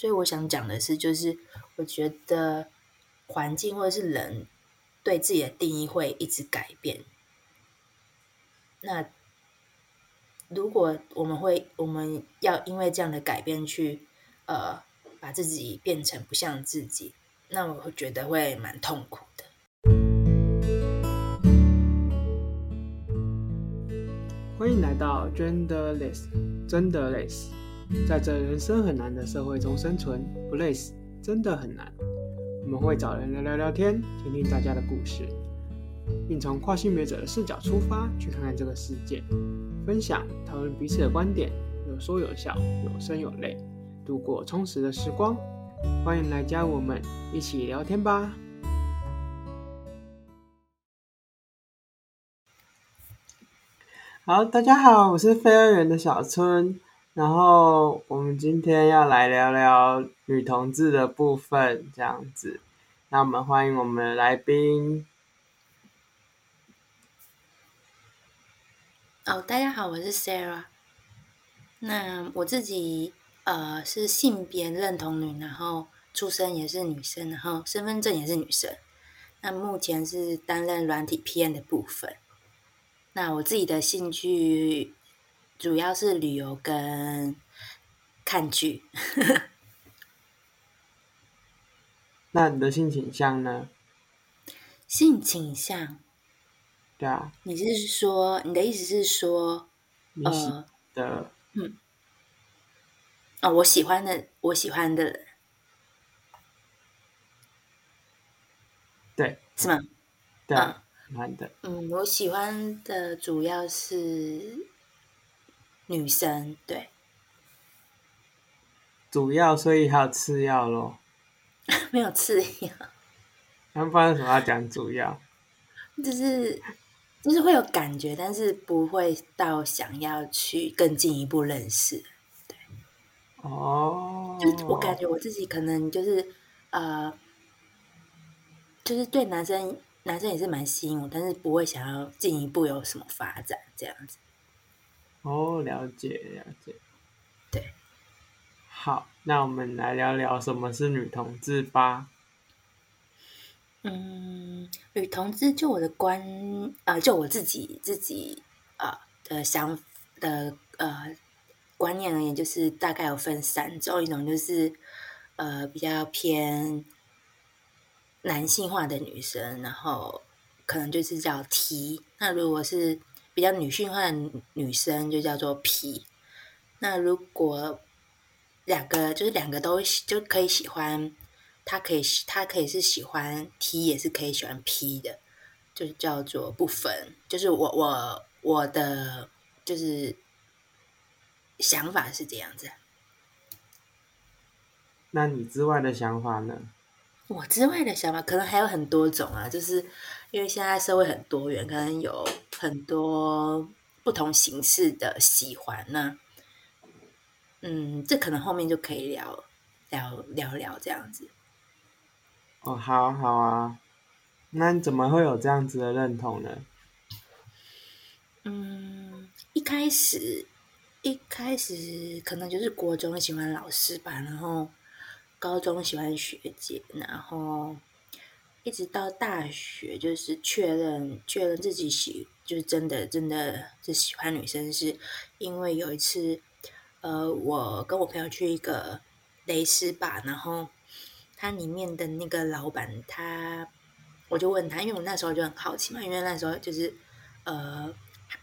所以我想講的是，就是我覺得環境或者是人對自己的定義會一直改變。那如果我們會我們要因為這樣的改變去呃把自己變成不像自己，那我會覺得會蠻痛苦的。歡迎來到 Genderless，Genderless genderless。在這人生很難的社會中生存，不累死真的很難。我們會找人聊聊天，聽聽大家的故事，並從跨性別者的視角出發，去看看這個世界，分享、討論彼此的觀點，有說有笑，有聲有淚，度過充實的時光。歡迎來加入我們一起聊天吧！好，大家好，我是非二元的小春。然後我們今天要來聊聊女同志的部分，這樣子。那我們歡迎我們的來賓。哦，大家好，我是 Sara。那我自己呃是性別認同女，然後出生也是女生，然後身份證也是女生。那目前是擔任軟體 PM 的部分。那我自己的興趣。主要是旅遊跟看劇。 那你的性傾向呢？性傾向？對啊。你是說你的意思是說，呃的，嗯，啊、哦，我喜歡的，我喜歡的，對，是嗎？對，啊、嗯。男的。嗯，我喜歡的主要是。女生，對，主要，所以還有次要吃藥咯？ 沒有次要，還沒發生什麼要講主要，就是就是會有感覺，但是不會到想要去更進一步認識，對，哦、oh.，就我感覺我自己可能就是呃，就是對男生男生也是蠻吸引我，但是不會想要進一步有什麼發展這樣子。哦，了解了解，對，好，那我們來聊聊什麼是女同志吧。嗯，女同志就我的觀啊、呃，就我自己自己啊、呃、的想的呃觀念而言，就是大概有分三種，一種就是呃比較偏男性化的女生，然後可能就是叫 T。那如果是比較女性化的女生就叫做 P，那如果兩個就是兩個都喜就可以喜歡，他可以他可以是喜歡 T，也是可以喜歡 P 的，就是叫做不分。就是我我我的就是想法是這樣子。那你之外的想法呢？我之外的想法可能還有很多種啊，就是因為現在社會很多元，可能有很多不同形式的喜歡呢、啊。嗯，這可能後面就可以聊聊聊聊這樣子。哦，好啊好啊，那你怎麼會有這樣子的認同呢？嗯，一開始一開始可能就是國中喜歡老師吧，然後。高中喜歡學姐，然後一直到大學，就是確認確認自己喜，就是真的真的是喜歡女生是，是因為有一次，呃，我跟我朋友去一個蕾絲吧，然後它裡面的那個老闆他，他我就問他，因為我那時候就很好奇嘛，因為那時候就是呃，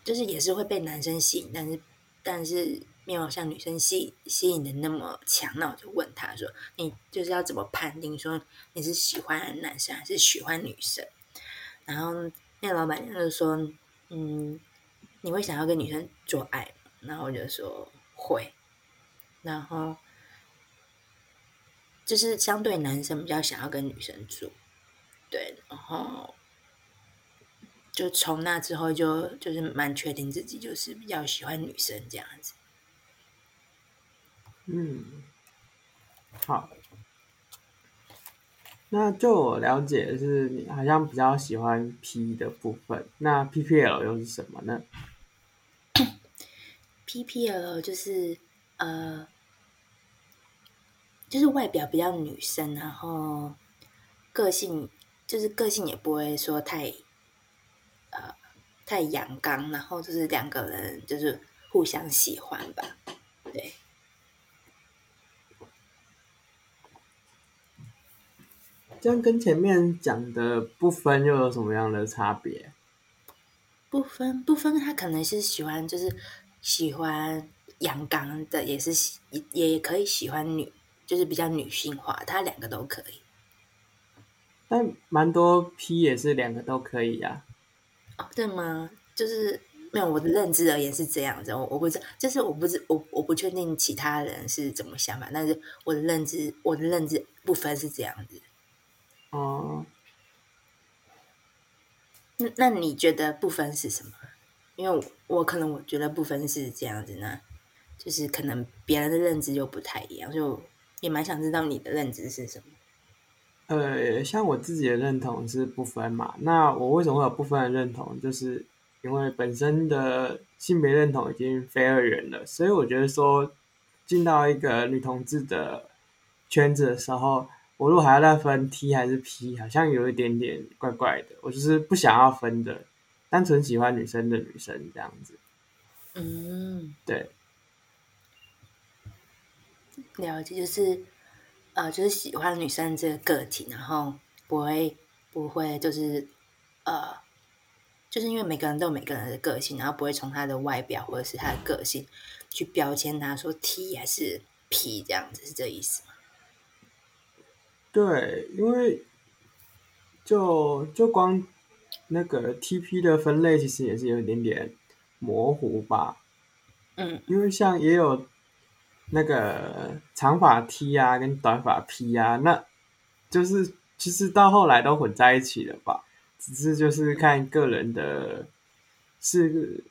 就是也是會被男生吸引，但是但是。沒有像女生吸引吸引的那麼強，那我就問他說：“你就是要怎麼判定說你是喜歡男生還是喜歡女生？”然後那老板娘就說：“嗯，你會想要跟女生做愛？”然後我就說：“會。”然後就是相對男生比較想要跟女生做，對。然後就從那之後就就是蠻確定自己就是比較喜歡女生這樣子。嗯，好。那就我了解的是，你好像比較喜歡 P 的部分。那 PPL 又是什麼呢 ？PPL 就是呃，就是外表比較女生，然後個性就是個性也不會說太呃太陽剛，然後就是兩個人就是互相喜歡吧。這樣跟前面講的不分又有什麼樣的差別？不分不分，他可能是喜歡，就是喜歡陽剛的，也是也，也可以喜歡女，就是比較女性化，他兩個都可以。但蠻多 P 也是兩個都可以呀。哦，對嗎？就是沒有我的認知而言是這樣子，我我不知道，就是我不知我我不確定其他人是怎麼想法，但是我的認知我的認知不分是這樣子。哦、嗯，那那你覺得不分是什麼？因為我，我可能我覺得不分是這樣子，呢，就是可能別人的認知又不太一樣，就也蠻想知道你的認知是什麼。呃，像我自己的認同是不分嘛。那我為什麼會有不分的認同？就是因為本身的性別認同已經非二元了，所以我覺得說進到一個女同志的圈子的時候，我如果還要再分 T 還是 P，好像有一點點怪怪的。我就是不想要分的，單純喜歡女生的女生這樣子。嗯，對，了解，就是呃，就是喜歡女生這個個體，然後不會不會就是呃，就是因為每個人都有每個人的個性，然後不會從她的外表或者是她的個性去標籤她說 T 還是 P 這樣子，是這意思嗎？對，因為就就光那個 T P 的分類其實也是有一點點模糊吧。嗯，因為像也有那個長髮 T 啊，跟短髮 P 啊，那就是其實、就是、到後來都混在一起了吧。只是就是看個人的，是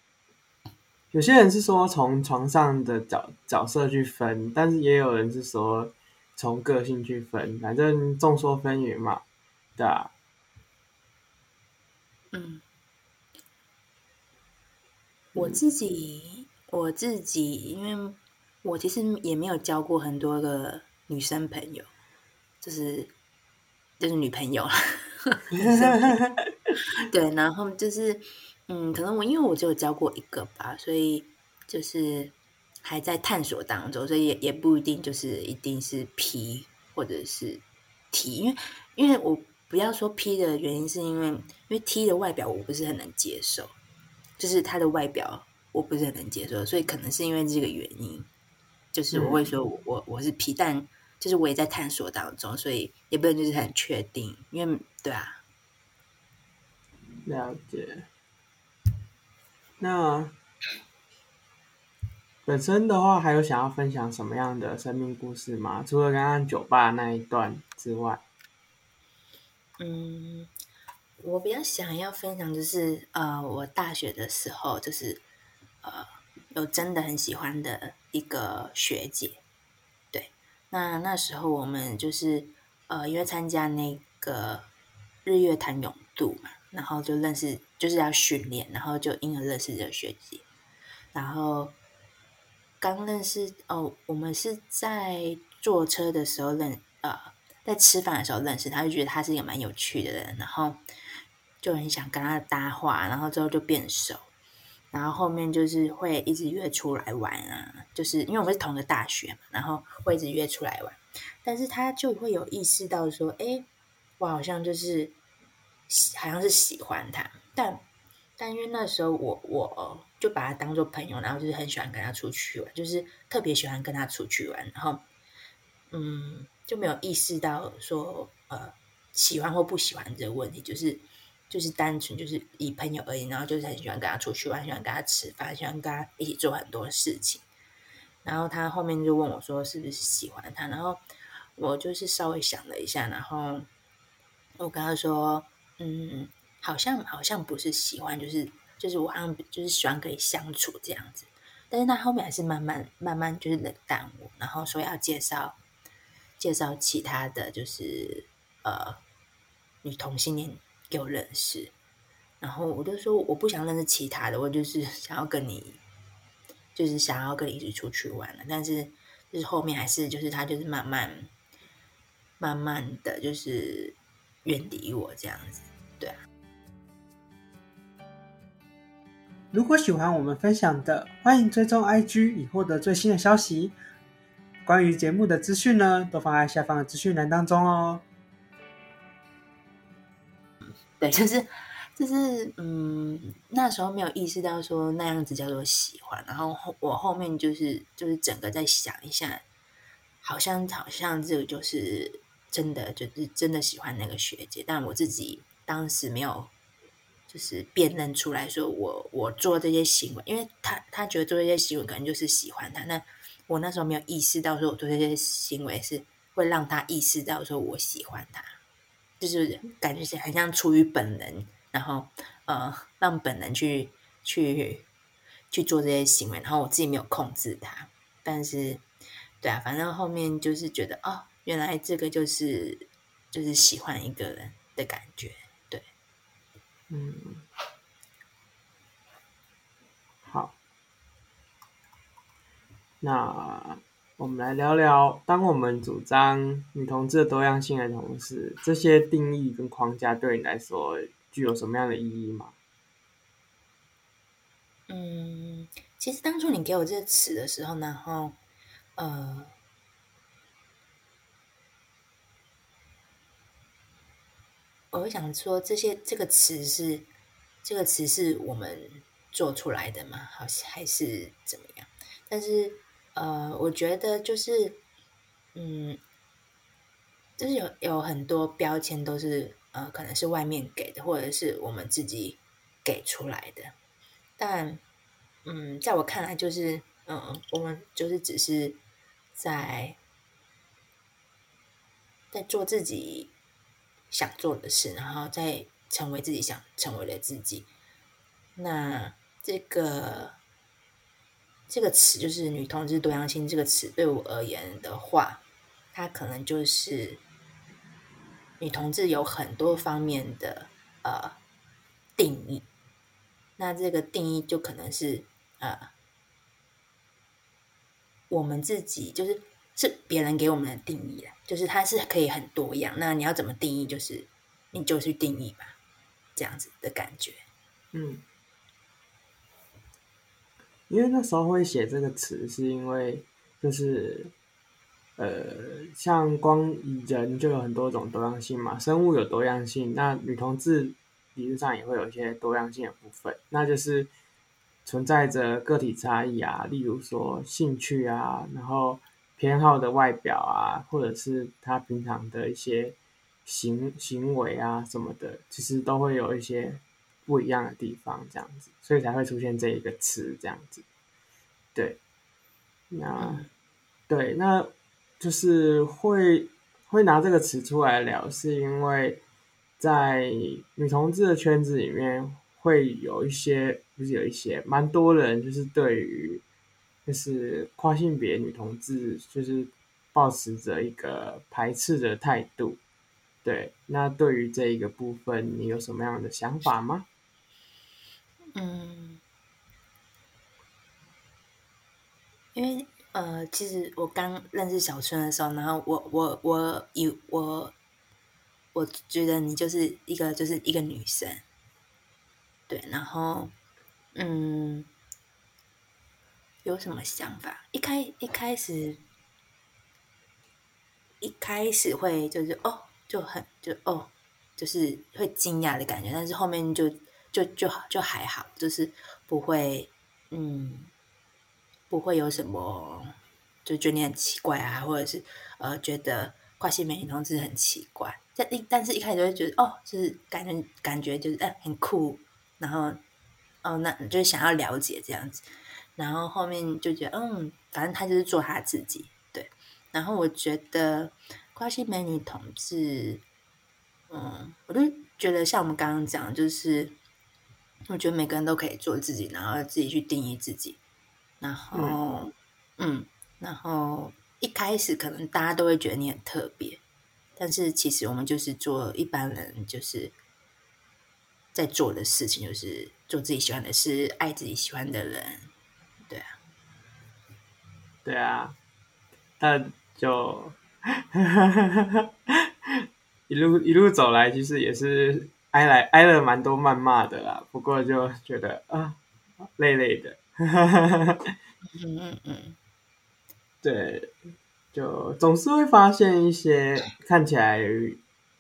有些人是說從床上的角角色去分，但是也有人是說。從個性去分，反正眾說紛紜嘛，對啊，嗯，我自己我自己，因為我其實也沒有交過很多個女生朋友，就是就是女朋友了， 對，然後就是嗯，可能我因為我只有交過一個吧，所以就是。還在探索當中，所以也也不一定就是一定是 P 或者是 T，因為因為我不要說 P 的原因，是因為因為 T 的外表我不是很能接受，就是他的外表我不是很能接受，所以可能是因為這個原因，就是我會說我、嗯、我，我是 P，但就是我也在探索當中，所以也不能就是很確定，因為對啊，了解，那、啊。本身的話，還有想要分享什麼樣的生命故事嗎？除了剛剛酒吧那一段之外，嗯，我比較想要分享就是，呃，我大學的時候就是，呃，有真的很喜歡的一個學姐，對，那那時候我們就是，呃，因為參加那個日月潭泳渡嘛，然後就認識，就是要訓練，然後就因而認識這個學姐，然後。剛認識哦，我們是在坐車的時候認，呃，在吃飯的時候認識，他就覺得他是一個蠻有趣的人，然後就很想跟他搭話，然後之後就變熟，然後後面就是會一直約出來玩啊，就是因為我們是同個大學嘛，然後會一直約出來玩，但是他就會有意識到說，哎，我好像就是好像是喜歡他，但。但因為那時候我我就把他當作朋友，然後就是很喜歡跟他出去玩，就是特別喜歡跟他出去玩，然後嗯，就沒有意識到說呃，喜歡或不喜歡這個問題，就是就是單純就是以朋友而已，然後就是很喜歡跟他出去玩，喜歡跟他吃飯，喜歡跟他一起做很多事情。然後他後面就問我說是不是喜歡他，然後我就是稍微想了一下，然後我跟他說嗯。好像好像不是喜歡，就是就是我好像就是喜歡可以相處這樣子，但是他後面還是慢慢慢慢就是冷淡我，然後說要介紹介紹其他的就是呃女同性戀給我認識，然後我就說我不想認識其他的，我就是想要跟你就是想要跟你一起出去玩了，但是就是後面還是就是他就是慢慢慢慢的就是遠離我這樣子。如果喜歡我們分享的，歡迎追蹤 IG 以獲得最新的消息。關於節目的資訊呢，都放在下方的資訊欄當中哦。對，就是就是，嗯，那時候沒有意識到說那樣子叫做喜歡，然後後我後面就是就是整個在想一下，好像好像這個就是真的就是真的喜歡那個學姐，但我自己當時沒有。就是辨認出來說我我做這些行為，因為他他覺得做這些行為可能就是喜歡他。那我那時候沒有意識到，說我做這些行為是會讓他意識到說我喜歡他，就是感覺是很像出於本能，然後呃讓本能去去去做這些行為，然後我自己沒有控制他。但是對啊，反正後面就是覺得哦，原來這個就是就是喜歡一個人的感覺。嗯，好，那我們來聊聊，當我們主張女同志的多樣性的同時，這些定義跟框架對你來說具有什麼樣的意義嗎？嗯，其實當初你給我這個詞的時候呢，哈，呃。我會想說，這些這個詞是這個詞是我們做出來的嗎？好像還是怎麼樣？但是呃，我覺得就是嗯，就是有有很多標籤都是呃，可能是外面給的，或者是我們自己給出來的。但嗯，在我看來，就是嗯，我們就是只是在在做自己。想做的事，然後再成為自己想成為的自己。那這個這個詞，就是“女同志多樣性”這個詞，對我而言的話，它可能就是女同志有很多方面的呃定義。那這個定義就可能是呃，我們自己就是。是別人給我們的定義的，就是它是可以很多樣。那你要怎麼定義，就是你就去定義吧，這樣子的感覺。嗯，因為那時候會寫這個詞，是因為就是，呃，像光人就有很多種多樣性嘛，生物有多樣性，那女同志理論上也會有一些多樣性的部分，那就是存在着個體差異啊，例如說興趣啊，然後，偏好的外表啊，或者是他平常的一些行行為啊什麼的，其實都會有一些不一樣的地方，這樣子，所以才會出現這一個詞這樣子。對，那對，那就是會會拿這個詞出來聊，是因為在女同志的圈子裡面會有一些，不是有一些，蠻多人，就是對於。就是跨性別女同志，就是抱持着一個排斥的態度，對。那對於這一個部分，你有什麼樣的想法嗎？嗯，因為呃，其實我剛認識小春的時候，然後我我我有我，我，我覺得你就是一個就是一個女生，對，然後嗯。有什麼想法？一開一開始，一開始會就是哦，就很就哦，就是會驚訝的感覺。但是後面就就就就還好，就是不會嗯，不會有什麼就覺得你很奇怪啊，或者是呃覺得跨性別女同志很奇怪。但一但是一開始就會覺得哦，就是感覺感覺就是哎很酷，然後。哦，那就想要了解這樣子，然後後面就覺得，嗯，反正他就是做他自己，對。然後我覺得，跨性別女同志，嗯，我就覺得像我們剛剛講，就是我覺得每個人都可以做自己，然後自己去定義自己。然後嗯，嗯，然後一開始可能大家都會覺得你很特別，但是其實我們就是做一般人就是在做的事情，就是。做自己喜歡的事，愛自己喜歡的人，對啊，對啊，那、呃、就 一路一路走來，其實也是捱了捱了蠻多謾罵的啦。不過就覺得啊，累累的， 嗯嗯，對，就總是會發現一些看起來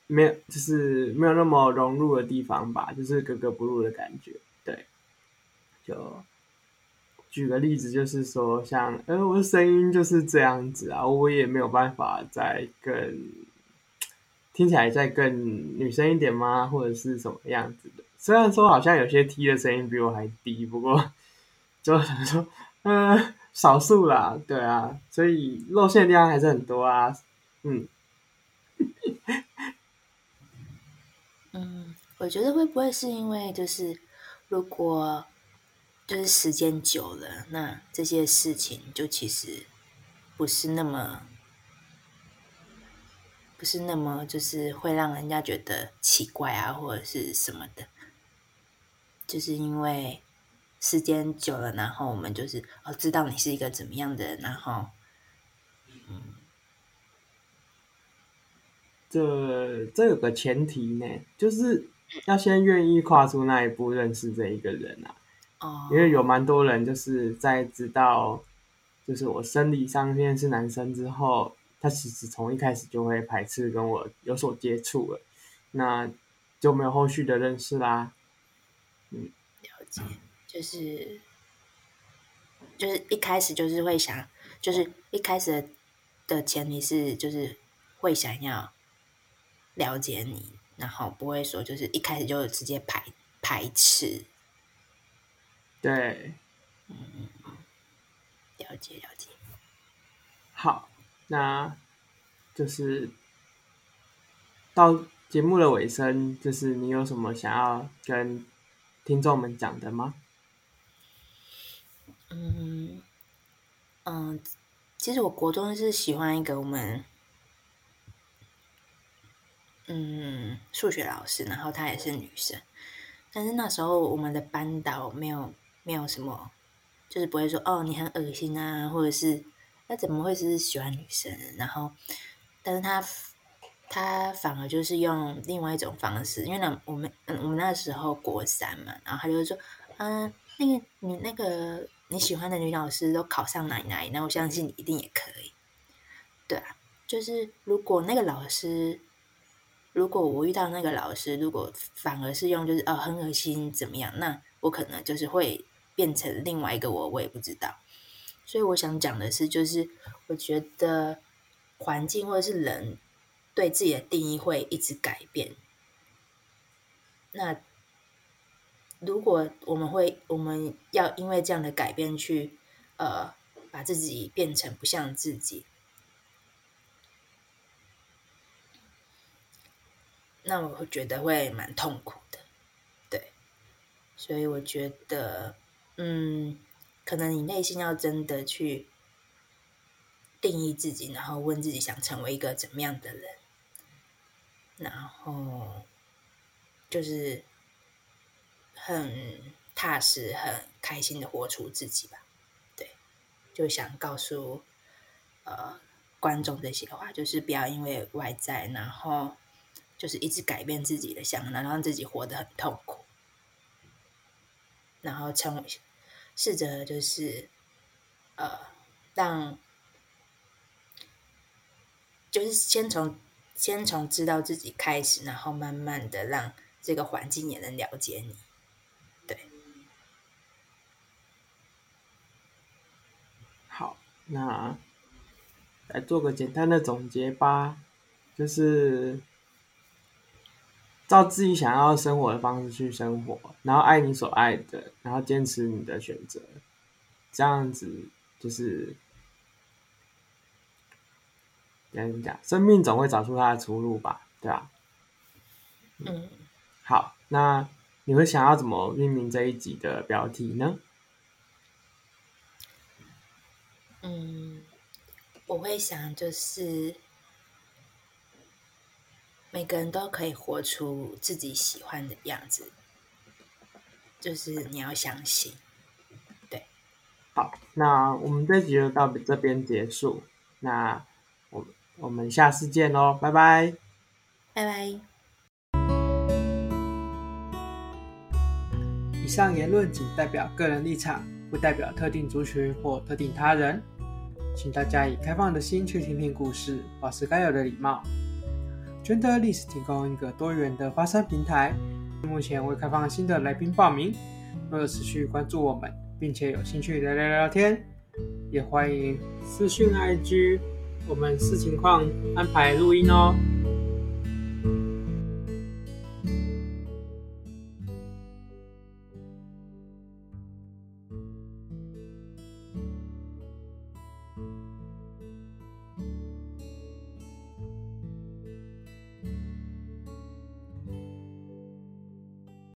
沒有，就是沒有那麼融入的地方吧，就是格格不入的感覺。對，就舉個例子，就是說，像，呃，我的聲音就是這樣子啊，我也沒有辦法再更聽起來再更女生一點嗎？或者是什麼樣子的？雖然說好像有些 T 的聲音比我還低，不過就是說，嗯、呃，少數啦，對啊，所以露餡量還是很多啊，嗯， 嗯，我覺得會不會是因為就是。如果就是時間久了，那這些事情就其實不是那麼不是那麼就是會讓人家覺得奇怪啊，或者是什麼的，就是因為時間久了，然後我們就是哦，知道你是一個怎麼樣的人，然後，嗯，這這有個前提呢，就是。要先願意跨出那一步認識這一個人啊，哦，因為有蠻多人就是在知道，就是我生理上面是男生之後，他其實從一開始就會排斥跟我有所接觸了，那就沒有後續的認識啦。嗯，了解，就是，就是一開始就是會想，就是一開始的前提是就是會想要了解你。然後不會說，就是一開始就直接排排斥，對，嗯、了解了解。好，那就是到節目的尾聲，就是你有什麼想要跟聽眾們講的嗎？嗯嗯，其實我國中是喜歡一個我們。嗯，數學老師，然後她也是女生，但是那時候我們的班導沒有沒有什麼，就是不會說哦你很噁心啊，或者是那怎麼會是喜歡女生呢？然後，但是他他反而就是用另外一種方式，因為呢，我們嗯我們那時候國三嘛，然後他就說嗯、呃、那個你那個你喜歡的女老師都考上哪哪裡，那我相信你一定也可以，對啊，就是如果那個老師。如果我遇到那個老師，如果反而是用就是哦很噁心怎麼樣，那我可能就是會變成另外一個我，我也不知道。所以我想講的是，就是我覺得環境或者是人對自己的定義會一直改變。那如果我們會我們要因為這樣的改變去呃把自己變成不像自己。那我會覺得會蠻痛苦的，對，所以我覺得，嗯，可能你內心要真的去定義自己，然後問自己想成為一個怎麼樣的人，然後就是很踏實、很開心的活出自己吧，對，就想告訴呃觀眾這些話，就是不要因為外在，然後。就是一直改變自己的想法，讓自己活得很痛苦，然後成為試着就是呃讓就是先從先從知道自己開始，然後慢慢的讓這個環境也能了解你，對。好，那來做個簡單的總結吧，就是。照自己想要生活的方式去生活，然後愛你所愛的，然後堅持你的選擇，這樣子就是，跟你講，生命總會找出它的出路吧，對吧？嗯，好，那你會想要怎麼命名這一集的標題呢？嗯，我會想就是。每個人都可以活出自己喜歡的樣子，就是你要相信，對。好，那我們這集就到這邊結束。那我我們下次見嘍，拜拜，拜拜。以上言論僅代表個人立場，不代表特定族群或特定他人，請大家以開放的心去聽聽故事，保持該有的禮貌。Genderless 提供一個多元的發聲平台。目前未開放新的來賓報名。若持續關注我們，並且有興趣來聊聊天，也歡迎私訊 IG，我們視情況安排錄音哦。